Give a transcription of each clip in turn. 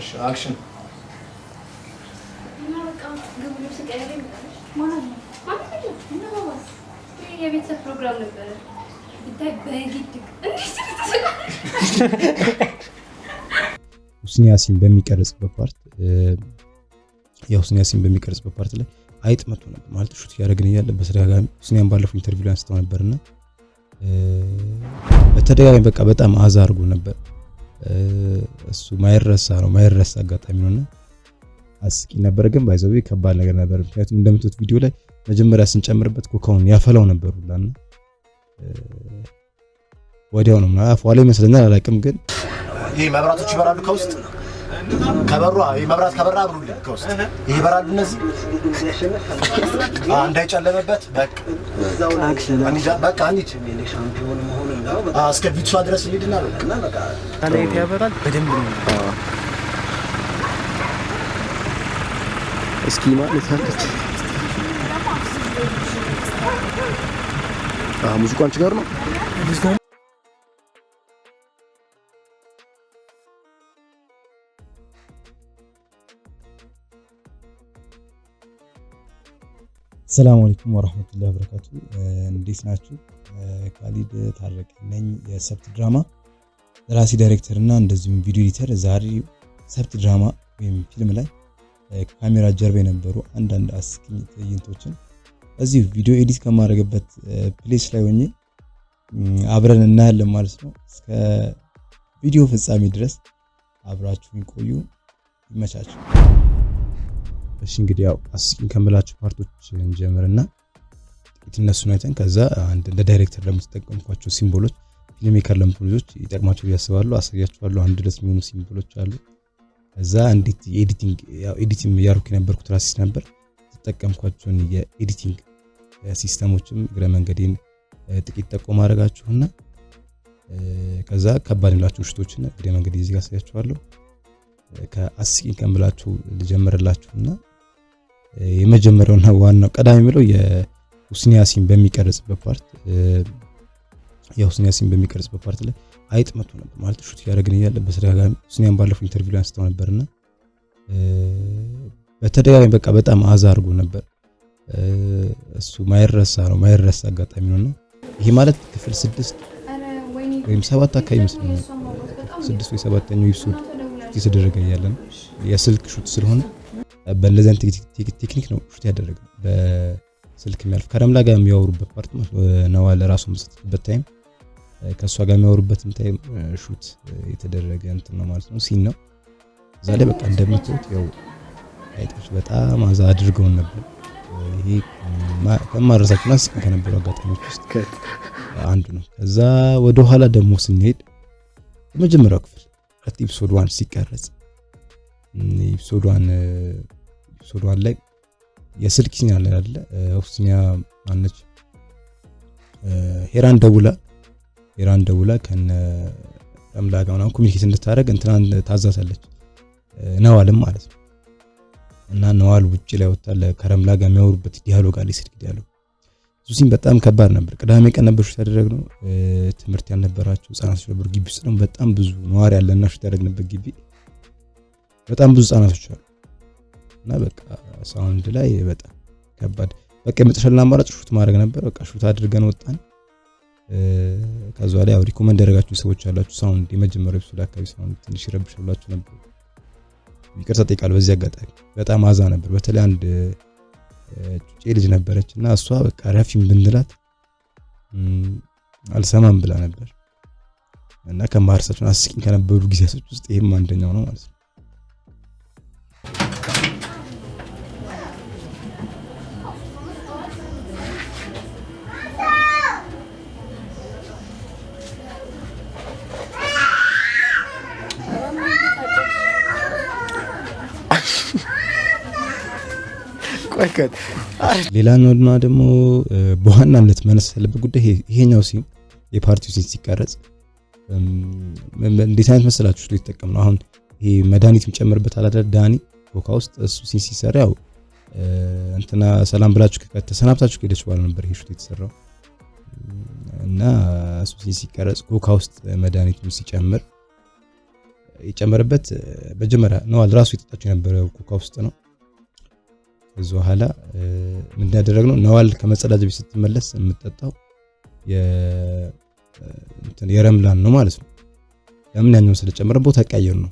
እሺ አክሽን የቤተሰብ ፕሮግራም ነበረ። ሁስኒ ያሲን በሚቀርጽበት ፓርት የሁስኒ ያሲን በሚቀርጽበት ፓርት ላይ አይጥ መቶ ነበር ማለት ሹት እያደረግን እያለ በተደጋጋሚ ሁስኒያን ባለፈው ኢንተርቪው ላይ አንስተው ነበርና በተደጋጋሚ በቃ በጣም አዛ አድርጎ ነበር። እሱ ማይረሳ ነው ማይረሳ አጋጣሚ ነውና አስቂ ነበረ። ግን ባይዘው ከባድ ነገር ነበር። ምክንያቱም እንደምትወት ቪዲዮ ላይ መጀመሪያ ስንጨምርበት ኮካውን ያፈላው ነበር ሁላና ወዲያው ነው ምናምን አፏ ላይ ይመስለኛል አላውቅም። ግን ይሄ መብራቶች ይበራሉ ከውስጥ ከበሩ መብራት ከበራ ብሩልኝ ከውስጥ ይበራሉ። እነዚህ እንዳይጨለመበት በቃ እንሂድ። እስከ ቢትሷ ድረስ እንሂድና ከላይት ያበራል በደንብ እስኪ ማለት አለች። ሙዚቋ አንቺ ጋር ነው ሙዚቃ ሰላም አለይኩም ወራህመቱላሂ ወበረካቱ። እንዴት ናችሁ? ካሊድ ታረቀ ነኝ። የሰብት ድራማ ደራሲ ዳይሬክተር እና እንደዚሁም ቪዲዮ ኤዲተር። ዛሬ ሰብት ድራማ ወይም ፊልም ላይ ካሜራ ጀርባ የነበሩ አንዳንድ አስቂኝ ትዕይንቶችን እዚሁ ቪዲዮ ኤዲት ከማድረግበት ፕሌስ ላይ ሆኜ አብረን እናያለን ማለት ነው። እስከ ቪዲዮ ፍጻሜ ድረስ አብራችሁን ቆዩ። ይመቻችሁ። እሺ እንግዲህ ያው አስቂኝ ከምላችሁ ፓርቶች እንጀምርና ጥቂት እነሱን አይተን ከዛ አንድ እንደ ዳይሬክተር ለምትጠቀምኳቸው ሲምቦሎች ፊልሜከር ለምትሆኑ ልጆች ይጠቅማቸው ብዬ አስባለሁ። አንድ ድረስ የሚሆኑ ሲምቦሎች አሉ። ከዛ እንዴት ኤዲቲንግ ያው ኤዲቲንግ ያርኩ የነበርኩት ራሴ ነበር። ተጠቀምኳቸውን የኤዲቲንግ ሲስተሞችም እግረ መንገዴን ጥቂት ጠቆም አረጋችሁና ከዛ ከባድ ምላችሁ ውሽቶችን እግረ መንገዴ እዚህ ጋር አሳያችኋለሁ። ከአስቂኝ ከምላችሁ ልጀምርላችሁና የመጀመሪያውና ዋናው ቀዳሚ ብለው የሁስኒ ያሲን በሚቀርጽበት ፓርት የሁስኒ ያሲን በሚቀርጽበት ፓርት ላይ አይጥ መቶ ነበር ማለት ሹት እያደረግን እያለ በተደጋጋሚ ሁስኒያን ባለፈው ኢንተርቪው ላይ አንስተው ነበርና በተደጋጋሚ በቃ በጣም አዛ አድርጎ ነበር። እሱ ማይረሳ ነው ማይረሳ አጋጣሚ ነውና ይሄ ማለት ክፍል ስድስት ወይም ሰባት አካባቢ ይመስለኛል ስድስት ወይ ሰባተኛው ይብሱድ እየተደረገ ያለ ነው። የስልክ ሹት ስለሆነ በእነዚያን ቴክኒክ ነው ሹት ያደረገ በስልክ የሚያልፍ ከረምላ ጋር የሚያወሩበት ፓርት ነዋል ራሱ መስጠትበት ታይም ከእሷ ጋር የሚያወሩበትም ታይም ሹት የተደረገ እንትን ነው ማለት ነው። ሲን ነው እዛ ላይ በቃ እንደምትወት ያው አይጦች በጣም አዛ አድርገውን ነበር። ይሄ ከማረሳችሁና ስቅን ከነበሩ አጋጣሚዎች ውስጥ አንዱ ነው። ከዛ ወደ ኋላ ደግሞ ስንሄድ የመጀመሪያው ክፍል ሁለት ኤፒሶድ ዋን ሲቀረጽ ኤፒሶድ ዋን ኤፒሶድ ዋን ላይ የስልክ ሲኛል አለ ኦክሲኒያ ማነች ሄራን ደውላ ሄራን ደውላ ከነ ተምላ ጋር ምናምን ኮሚኒኬት እንድታደርግ እንትናን ታዛታለች ነዋልም ማለት ነው። እና ነዋል ውጭ ላይ ወጣ ከረምላ ጋር የሚያወሩበት ዲያሎግ አለ፣ የስልክ ዲያሎግ ሱሲም በጣም ከባድ ነበር። ቅዳሜ ቀን ነበር ሹት ያደረግነው። ትምህርት ያልነበራቸው ህጻናቶች ነበሩ። ግቢ ውስጥ ደግሞ በጣም ብዙ ነዋሪ ያለና ሹት ያደረግንበት ግቢ በጣም ብዙ ህጻናቶች አሉ እና በቃ ሳውንድ ላይ በጣም ከባድ በቃ የመጨረሻ አማራጭ ሹት ማድረግ ነበር። በቃ ሹት አድርገን ወጣን። ከዛ ላይ ያው ሪኮመንድ ያደረጋችሁ ሰዎች አላችሁ። ሳውንድ የመጀመሪያው ሱላ አካባቢ ሳውንድ ትንሽ ይረብሻላችሁ ነበር። ይቅርታ ጠይቃለሁ በዚህ አጋጣሚ በጣም አዛ ነበር። በተለይ አንድ ጩጬ ልጅ ነበረች እና እሷ በቃ ረፊም ብንላት አልሰማም ብላ ነበር እና ከማርሳችን አስቂኝ ከነበሩ ጊዜያቶች ውስጥ ይህም አንደኛው ነው ማለት ነው። ተመልከት። ሌላኛውና ደግሞ በዋናነት መነሳት ያለበት ጉዳይ ይሄኛው ሲሆን የፓርቲው ሲን ሲቀረጽ እንዴት አይነት መሰላችሁ ስለ የተጠቀም ነው። አሁን ይሄ መድኃኒት የሚጨምርበት አላደር ዳኒ ኮካ ውስጥ እሱ ሲን ሲሰራ ያው እንትና ሰላም ብላችሁ ከተሰናብታችሁ ከሄደች በኋላ ነበር ይሄ ሹት የተሰራው እና እሱ ሲን ሲቀረጽ ኮካ ውስጥ መድኃኒቱን ሲጨምር የጨመረበት መጀመሪያ ነው ራሱ የጠጣችው የነበረ ኮካ ውስጥ ነው። ከዚ በኋላ ምንድን ነው ነዋል ከመጸዳጅ ቤት ስትመለስ የምጠጣው የረምላን ነው ማለት ነው። ለምን ያኛውን ስለጨመረ ቦታ ቀየር ነው።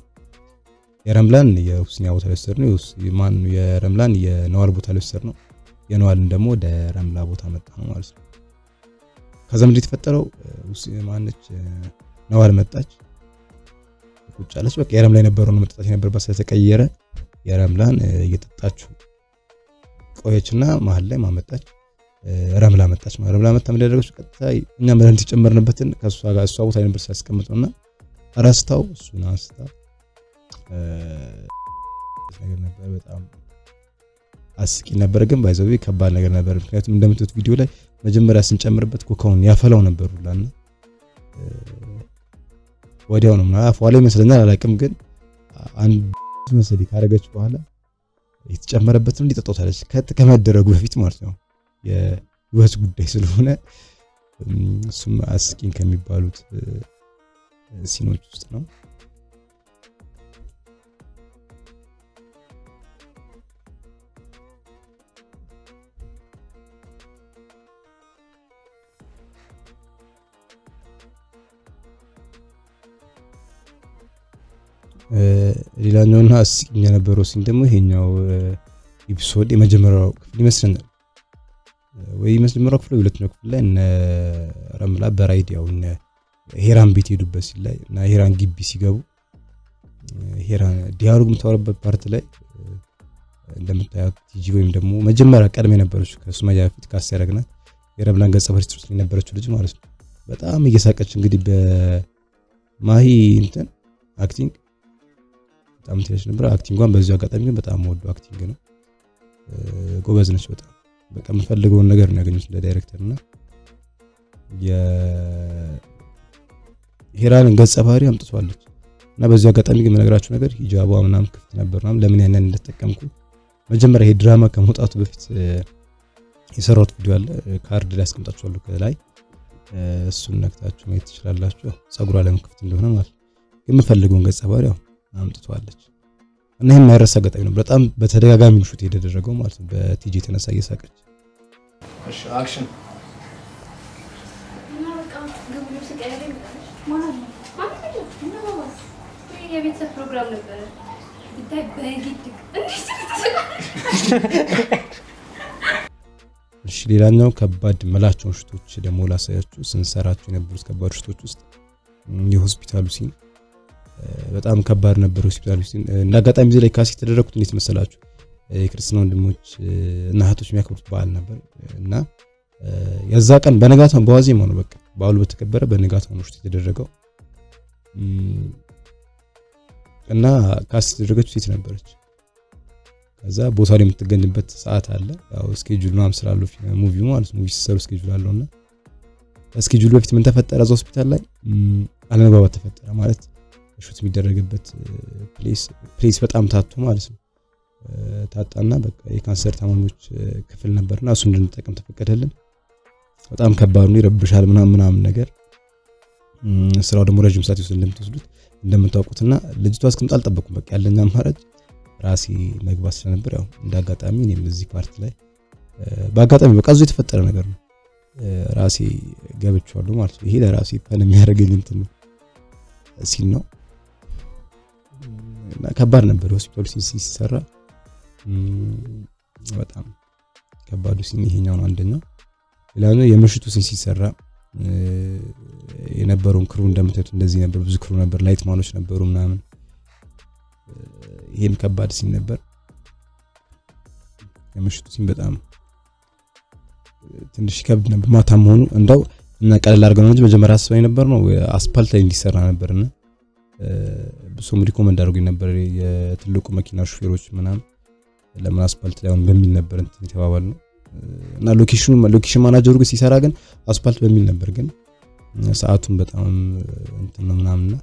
የረምላን የሁስኒያ ቦታ ላይ ወሰድ ነው። ማን የረምላን የነዋል ቦታ ላይ ነው። የነዋልን ደግሞ ወደ ረምላ ቦታ መጣ ነው ማለት ነው። ከዛ ምንድን የተፈጠረው ማነች ነዋል መጣች ቁጫለች በቃ የረምላ የነበረውን መጠጣት የነበረባት ስለተቀየረ የረምላን እየጠጣችሁ ቆየችና መሀል ላይ ማመጣች ረምላ መጣች። ረምላ መጣ ምን ያደረገች ቀጥታ እኛ መድኃኒት የጨመርንበትን ከሷ ጋር እሷ ቦታ ነበር ሲያስቀምጥ እና ረስታው እሱን አንስታ ነገር ነበር። በጣም አስቂ ነበር፣ ግን ባይዘዊ ከባድ ነገር ነበር። ምክንያቱም እንደምትት ቪዲዮ ላይ መጀመሪያ ስንጨምርበት ኮካውን ያፈላው ነበር ሁላና ወዲያው ነው ምናምን አፏ ላይ ይመስለኛል አላውቅም፣ ግን አንድ መሰለኝ ካደረገች በኋላ የተጨመረበት ሊጠጣታለች ከመደረጉ በፊት ማለት ነው። የህይወት ጉዳይ ስለሆነ እሱም አስቂኝ ከሚባሉት ሲኖች ውስጥ ነው። አብዛኛውና አስቂኝ የነበረው ሲን ደግሞ ይሄኛው ኤፒሶድ የመጀመሪያው ክፍል ይመስለናል ወይ የመጀመሪያው ክፍል ሁለተኛው ክፍል ላይ እነ ረምላ በራይድ ያው እነ ሄራን ቤት ሄዱበት ሲል ላይ እና ሄራን ግቢ ሲገቡ ሄራን ዲያሎግ የምታወራበት ፓርት ላይ እንደምታያት ቲጂ ወይም ደግሞ መጀመሪያ ቀድመ የነበረችው ከሱማያ በፊት ካስ ያደረግናት የረምላን ገጸ በረከት ውስጥ የነበረችው ልጅ ማለት ነው። በጣም እየሳቀች እንግዲህ በማሂ እንትን አክቲንግ በጣም ትንሽ ነበር። አክቲንጓን በዚሁ አጋጣሚ ግን በጣም ወዶ አክቲንግ ነው። ጎበዝ ነች በጣም በቃ የምፈልገውን ነገር ነው ያገኘሁት እንደ ዳይሬክተር እና የሄራንን ገጸ ባህሪ አምጥቷለች እና በዚሁ አጋጣሚ ግን የምነግራችሁ ነገር ሂጃቧ ምናምን ክፍት ነበር ምናምን ለምን ያንን እንደተጠቀምኩ መጀመሪያ ይሄ ድራማ ከመውጣቱ በፊት የሰራሁት ቪዲዮ አለ ካርድ ላይ አስቀምጣችኋለሁ ከላይ እሱን ነክታችሁ ማየት ትችላላችሁ። ፀጉሯ ለምን ክፍት እንደሆነ ማለት የምፈልገውን ገጸ ባህሪ አምጥቷለች። እና ይህም ማይረሳ ነው። በጣም በተደጋጋሚ ሹት የተደረገው ማለት ነው። በቲጂ የተነሳ እየሳቀች እሺ ሌላኛው ከባድ መላቸውን ሽቶች ደግሞ ላሳያችሁ። ስንሰራቸው የነበሩት ከባድ ሽቶች ውስጥ የሆስፒታሉ ሲን በጣም ከባድ ነበር ሆስፒታል ውስጥ። እንደ አጋጣሚ ጊዜ ላይ ካሴ የተደረግኩት እንዴት መሰላችሁ? የክርስትና ወንድሞች እና እህቶች የሚያከብሩት በዓል ነበር እና የዛ ቀን በነጋታው በዋዜማ ነው በቃ በዓሉ በተከበረ በነጋታው ነው የተደረገው እና ካስ የተደረገችው ሴት ነበረች። ከዛ ቦታ ላይ የምትገኝበት ሰዓት አለ። ያው ስኬጁል ምናምን ስላለው ሙቪው ማለት ሙቪ ሲሰሩ ስኬጁል አለውና ስኬጁል በፊት ምን ተፈጠረ እዛ ሆስፒታል ላይ አለመግባባት ተፈጠረ ማለት ሹት የሚደረግበት ፕሌስ በጣም ታቶ ማለት ነው። ታጣና በቃ የካንሰር ታማሚዎች ክፍል ነበርና እሱ እንድንጠቀም ተፈቀደልን። በጣም ከባድ ነው፣ ይረብሻል ምናምን ምናምን ነገር ስራው ደግሞ ረጅም ሰዓት ይወስድ እንደምትወስዱት እንደምታውቁትና ልጅቷ እስክምጣ አልጠበቁም በቃ ያለኛ አማራጭ ራሴ መግባት ስለነበር ያው አጋጣሚ እኔም እዚህ ፓርቲ ላይ በአጋጣሚ በቃ እዚሁ የተፈጠረ ነገር ነው። ራሴ ገብቼዋለሁ ማለት ነው። ይሄ ለራሴ ፈን የሚያደርገኝ እንትን ሲል ነው። እና ከባድ ነበር። ሆስፒታሉ ሲሰራ በጣም ከባዱ ሲን ይሄኛው ነው አንደኛው። ሌላኛው የምሽቱ ሲን ሲሰራ የነበረውን ክሩ እንደምታዩት እንደዚህ ነበር። ብዙ ክሩ ነበር፣ ላይት ማኖች ነበሩ ምናምን። ይሄም ከባድ ሲን ነበር። የምሽቱ ሲን በጣም ትንሽ ከብድ ነበር። ማታ መሆኑ እንዳው እና ቀለል አድርገን እንጂ መጀመሪያ አስበን ነበር ነው አስፓልት ላይ እንዲሰራ ነበርና ሰውም ሪኮመንድ አድርጎኝ ነበር የትልቁ መኪና ሹፌሮች ምናም ለምን አስፓልት ላይ አሁን በሚል ነበር እንትን የተባባል ነው እና ሎኬሽኑ ሎኬሽን ማናጀሩ ግን ሲሰራ ግን አስፓልት በሚል ነበር ግን ሰአቱን በጣም እንትን ነው ምናምንና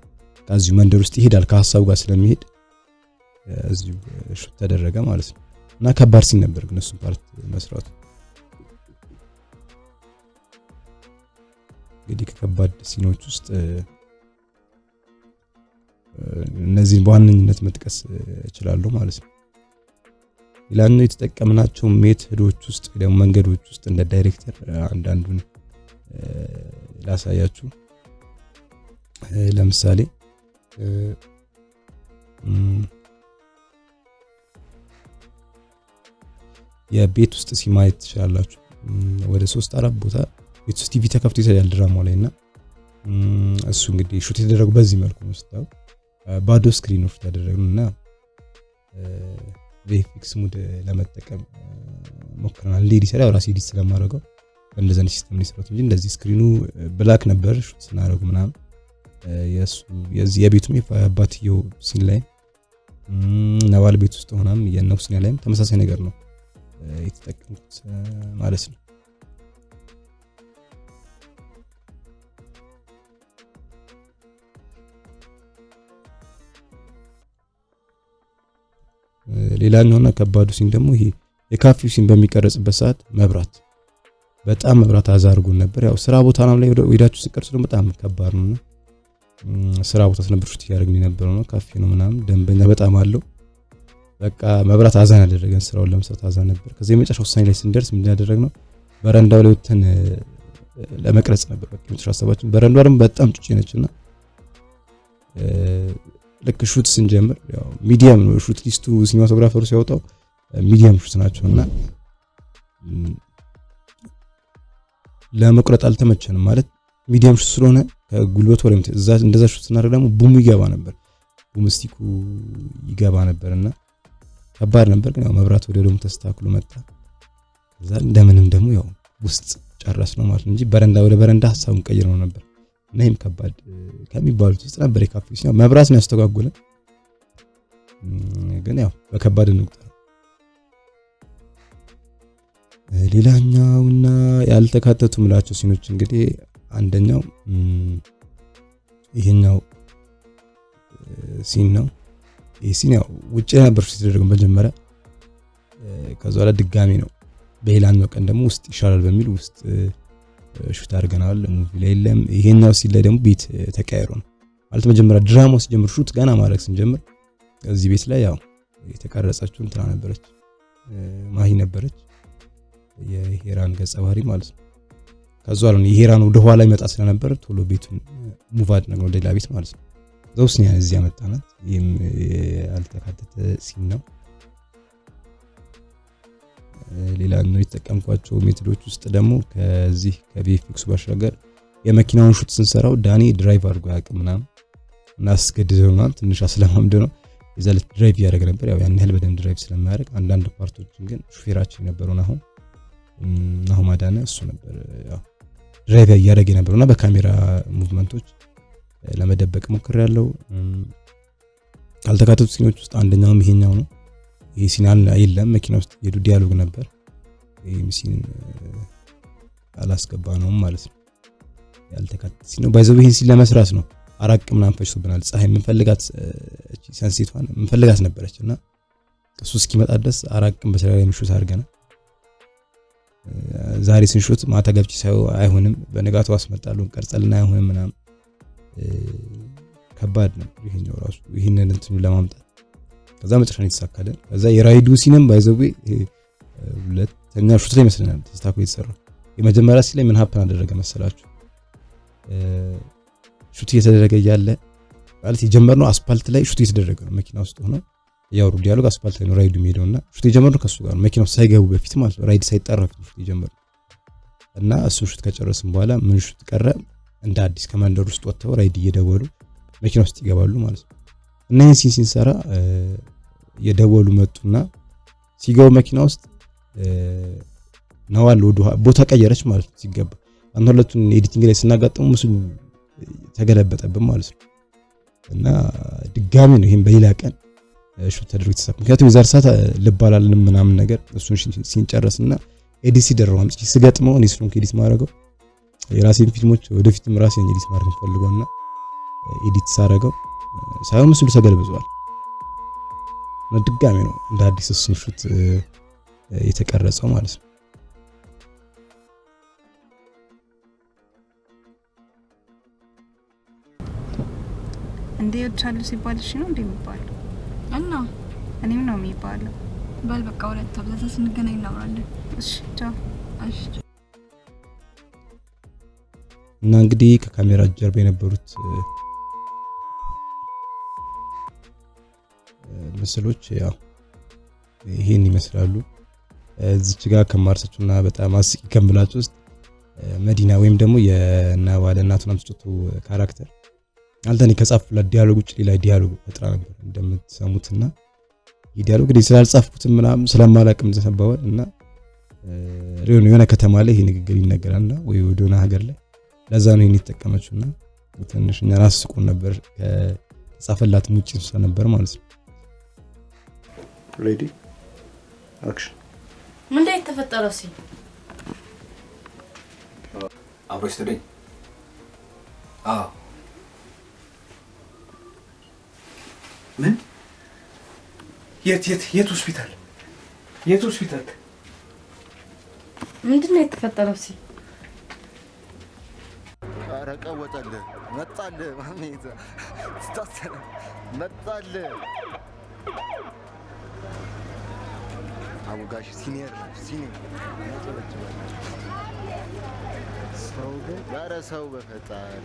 ከዚሁ መንደር ውስጥ ይሄዳል ከሀሳቡ ጋር ስለሚሄድ እዚሁ ሹት ተደረገ ማለት ነው እና ከባድ ሲን ነበር ግን እሱን ፓርት መስራቱ እንግዲህ ከከባድ ሲኖች ውስጥ እነዚህን በዋነኝነት መጥቀስ እችላለሁ ማለት ነው። ሌላኛው የተጠቀምናቸው ሜትዶች ውስጥ ደግሞ መንገዶች ውስጥ እንደ ዳይሬክተር አንዳንዱን ላሳያችሁ። ለምሳሌ የቤት ውስጥ ሲማየት ትችላላችሁ። ወደ ሶስት አራት ቦታ ቤት ውስጥ ቲቪ ተከፍቶ ይታያል ድራማው ላይ እና እሱ እንግዲህ ሹት የተደረጉ በዚህ መልኩ ነው ስታው ባዶ ስክሪኖች ተደረግን እና ቬፊክስ ሙድ ለመጠቀም ሞክረናል። ሌዲ ሰላ ራሴ ኤዲት ስለማደርገው እንደዚህ ሲስተም ነው የሰራሁት እንጂ እንደዚህ ስክሪኑ ብላክ ነበር ሹት ስናደርጉ ምናም የሱ የዚህ የቤቱም የአባትየው ሲን ላይ ነባል ቤት ውስጥ ሆናም የነኩስኛ ላይም ተመሳሳይ ነገር ነው የተጠቀምኩት ማለት ነው። ሌላኛውና ከባዱ ሲን ደግሞ ይሄ የካፊው ሲን በሚቀረጽበት ሰዓት መብራት በጣም መብራት አዛርጎን ነበር። ያው ስራ ቦታ ላይ ወዳችሁ ሲቀርጹ ደግሞ በጣም ከባድ ነው። ስራ ቦታ ስለነበር ሹት እያደረግን የነበረው ነው። ካፌ ነው ምናምን ደንበኛ በጣም አለው። በቃ መብራት አዛን ያደረገን ስራውን ለመስራት አዛን ነበር። ከዚህ የመጨረሻ ውሳኔ ላይ ስንደርስ ምንድን ነው በረንዳው ላይ ወተን ለመቅረጽ ነበር። በቃ የመጨረሻ ሀሳባችን በረንዳው ደግሞ በጣም ጩጬ ነችና ልክ ሹት ስንጀምር ሚዲየም ነው ሹት ሊስቱ ሲኒማቶግራፈሩ ሲያወጣው ሚዲየም ሹት ናቸውና ለመቁረጥ አልተመቸንም ማለት ሚዲየም ሹት ስለሆነ ከጉልበቱ ወለም እዛ እንደዛ ሹት ስናደርግ ደግሞ ቡሙ ይገባ ነበር ቡም ስቲኩ ይገባ ነበርና ከባድ ነበር። ግን ያው መብራት ወደ ደሙ ተስተካክሎ መጣ። ከዛ እንደምንም ደግሞ ያው ውስጥ ጨረስ ነው ማለት እንጂ በረንዳ ወደ በረንዳ ሀሳቡን ቀይር ነው ነበር እና ይህም ከባድ ከሚባሉት ውስጥ ነበር። የካፌ ሲሆን መብራት ነው ያስተጓጉለን፣ ግን ያው በከባድ እንቁጠር። ሌላኛውና ያልተካተቱ ምላቸው ሲኖች እንግዲህ አንደኛው ይሄኛው ሲን ነው። ይህ ሲን ያው ውጭ ነበር ሲደረገው መጀመሪያ፣ ከዛ በኋላ ድጋሚ ነው በሌላኛው ቀን ደግሞ ውስጥ ይሻላል በሚል ውስጥ ሹት አድርገናል። ሙቪ ላይ የለም። ይሄኛው ሲል ላይ ደግሞ ቤት ተቀያይሮ ነው ማለት መጀመሪያ ድራማው ሲጀምር ሹት ገና ማድረግ ስንጀምር እዚህ ቤት ላይ ያው የተቀረጸችው እንትና ነበረች፣ ማሂ ነበረች የሄራን ገጸ ባህሪ ማለት ነው። ከዛ አሁን የሄራን ወደ ኋላ ይመጣ ስለነበር ቶሎ ቤቱን ሙቭ አድነግ ወደ ሌላ ቤት ማለት ነው። ዘውስኛ እዚህ ያመጣናት ይህም ያልተካተተ ሲን ነው። ሌላ ነው የተጠቀምኳቸው ሜትዶች ውስጥ ደግሞ ከዚህ ከቪኤፍኤክሱ ባሻገር የመኪናውን ሹት ስንሰራው ዳኒ ድራይቭ አድርጎ አያውቅም ምናምን እና አስገድደውና ትንሽ አስለማምደ ነው የዛ ዕለት ድራይቭ እያደረገ ነበር። ያው ያን ያህል በደንብ ድራይቭ ስለማያደርግ አንዳንድ ፓርቶችን ግን ሹፌራችን የነበረውን አሁን አሁን ማዳነ እሱ ነበር ያው ድራይቭ እያደረገ የነበረውና በካሜራ ሙቭመንቶች ለመደበቅ ያለው ካልተካተቱ ሲኖች ውስጥ አንደኛውም ይሄኛው ነው። ይሄ ሲን የለም መኪና ውስጥ ሄዱ ዲያሎግ ነበር። ይሄም ሲን አላስገባ ነውም ማለት ነው ያልተካተተ ሲን ነው። ባይዘው ይሄን ሲን ለመስራት ነው አራቅ ምናምን ፈጅቶብናል። ፀሐይ የምንፈልጋት እቺ ሰንሴቷን የምንፈልጋት ነበረች እና እሱ እስኪመጣ ድረስ አራቅም በተለያየ ምሹት አድርገናል። ዛሬ ስንሹት ማታ ገብቼ ሳይው አይሆንም፣ በንጋቱ አስመጣሉ ቀርጸልና አይሆንም ምናም ከባድ ነው። ይሄኛው ራሱ ይህንን እንትኑ ለማምጣት ከዛ መጨረሻ ነው የተሳካልን። ከዛ የራይዱ ሲነም ባይዘዌ ሁለተኛ ሹት ላይ መስለናል ተስታኮ የተሰራው የመጀመሪያ ሲ ላይ ምን ሀፕን አደረገ መሰላችሁ? ሹት እየተደረገ እያለ ማለት የጀመርነው አስፓልት ላይ ሹት እየተደረገ ነው። መኪና ውስጥ ሆኖ ያወሩ ዲያሎግ አስፓልት ላይ ነው ራይዱ የሚሄደውና ሹት የጀመርነው ከሱ ጋር ነው። መኪናው ሳይገቡ በፊት ማለት ነው። ራይድ ሳይጠራ ሹት የጀመርነው እና እሱ ሹት ከጨረስን በኋላ ምን ሹት ቀረ? እንደ አዲስ ከመንደር ውስጥ ወጥተው ራይድ እየደወሉ መኪና ውስጥ ይገባሉ ማለት ነው። እና ይህን ሲንሰራ የደወሉ መጡና ሲገቡ መኪና ውስጥ ነዋል ወደ ቦታ ቀየረች ማለት ነው። ሲገባ አንተ ሁለቱን ኤዲቲንግ ላይ ስናጋጠሙ ምስሉ ተገለበጠብን ማለት ነው። እና ድጋሚ ነው ይሄን በሌላ ቀን ሹት ተደርጎ የተሳፈ ምክንያቱም የዛር ሰዓት ልባላልን ምናምን ነገር እሱን ሲንጨረስና ኤዲሲ ደረው አምጪ ስገጥመው እኔ ስሩን ኤዲት ማድረገው የራሴን ፊልሞች ወደፊትም ራሴን ኤዲት ማድረግ ፈልጎና ኤዲት ሳረገው ሳይሆን ምስሉ ተገልብዟል። ድጋሚ ነው እንደ አዲስ እሱን ሹት የተቀረጸው ማለት ነው። እንዴ ይወድሻሉ ሲባል እሺ ነው እንዴ የሚባለው? እና እኔም ነው የሚባለው። በል በቃ ሁለት አብዛዛ ስንገናኝ እናውራለን። እሺ ቻው። እሺ እና እንግዲህ ከካሜራ ጀርባ የነበሩት ምስሎች ያው ይህን ይመስላሉ። እዚች ጋር ከማርሰችና በጣም አስቂ ከምላችሁ ውስጥ መዲና ወይም ደግሞ የናባለ እናቱን አምስቶቱ ካራክተር አልተኔ ከጻፍኩላት ዲያሎግ ውጭ ሌላ ዲያሎግ ፈጥራ ነበር እንደምትሰሙትና ይህ ዲያሎግ እንግዲህ ስላልጻፍኩትም ምናምን ስለማላቅም ዘነበዋል እና ሪዮን የሆነ ከተማ ላይ ይሄ ንግግር ይነገራልና ወይ ወደሆነ ሀገር ላይ ለዛ ነው ይሄን የተጠቀመችውና ትንሽ እኛን አስቆን ነበር ከጻፈላትም ውጭ ነበር ማለት ነው። ሬዲ አክሽን። ምን ላይ የተፈጠረው? ሲል አብሮ ስትደኝ ምን? የት የት የት ሆስፒታል? የት ሆስፒታል? ምንድን ነው የተፈጠረው? ሲል ረቀወጠልህ መጣልህ ማሜ ታሰረ መጣል አቡጋሽ ሲኒየር ሲኒየር ሰው ጋር ሰው በፈጣሪ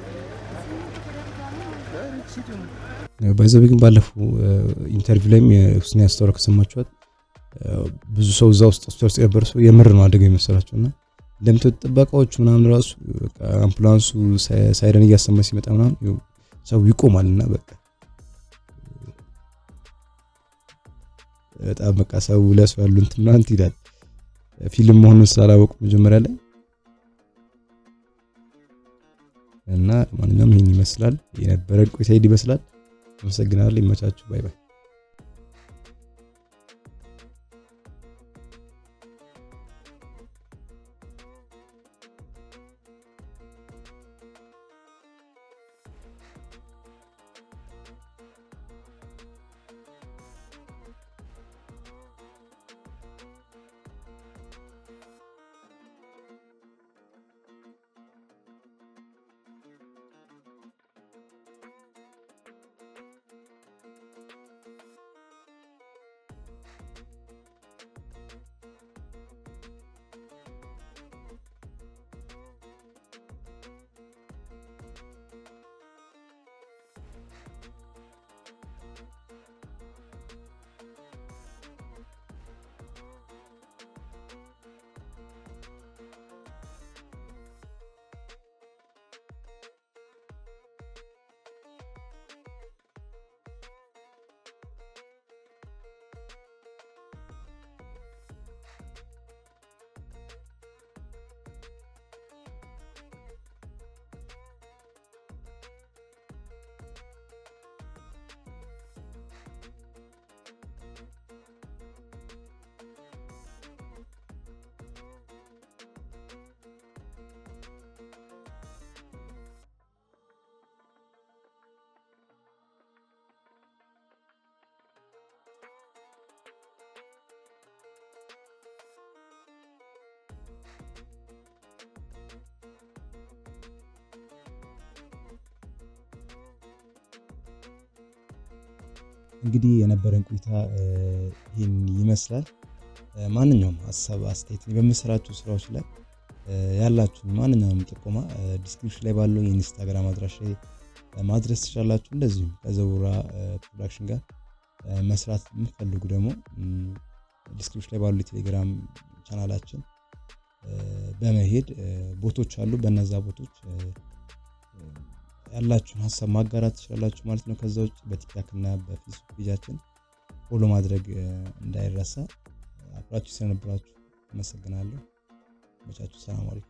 ባይዘቤ ግን ባለፈው ኢንተርቪው ላይም ሁስኒ አስተወረ ከሰማችኋት ብዙ ሰው እዛ ውስጥ ውስጥ የነበረ ሰው የምር ነው አደገው የመሰላቸው እና እንደምትወጥ ጥበቃዎቹ ምናምን ራሱ አምቡላንሱ ሳይረን እያሰማ ሲመጣ ምናምን ሰው ይቆማል እና በቃ በጣም በቃ ሰው ለሱ ያሉ እንትን ምናምን ይላል። ፊልም መሆኑን ስላላወቁ መጀመሪያ ላይ እና ማንኛውም ይህን ይመስላል የነበረን ቆይታ ይመስላል። አመሰግናለሁ። ይመቻችሁ። ባይ ባይ። እንግዲህ የነበረን ቆይታ ይህን ይመስላል። ማንኛውም ሀሳብ አስተያየት፣ በምሰራችሁ ስራዎች ላይ ያላችሁን ማንኛውም ጥቆማ ዲስክሪፕሽን ላይ ባለው የኢንስታግራም ላይ ማድረስ ትችላላችሁ። እንደዚሁም ከዘውራ ፕሮዳክሽን ጋር መስራት የምትፈልጉ ደግሞ ዲስክሪፕሽን ላይ ባሉ የቴሌግራም ቻናላችን በመሄድ ቦቶች አሉ። በነዛ ቦቶች ያላችሁን ሀሳብ ማጋራት ትችላላችሁ ማለት ነው። ከዛ ውጭ በቲክታክ እና በፌስቡክ ፔጃችን ፎሎ ማድረግ እንዳይረሳ። አብራችሁ ስለነበራችሁ አመሰግናለሁ። መቻችሁ። ሰላም አለይኩም።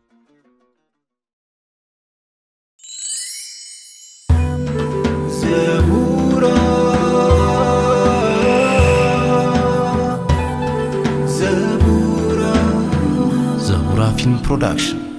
ፊልም ፕሮዳክሽን